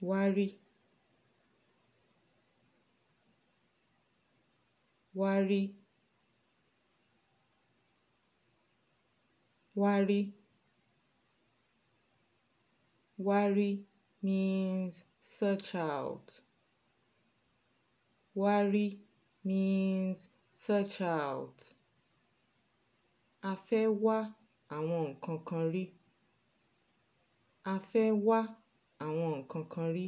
wárí wárí wárí wárí means search out wárí means search out a fẹ́ wá àwọn nǹkan kan rí a fẹ́ wá àwọn nǹkan kan rí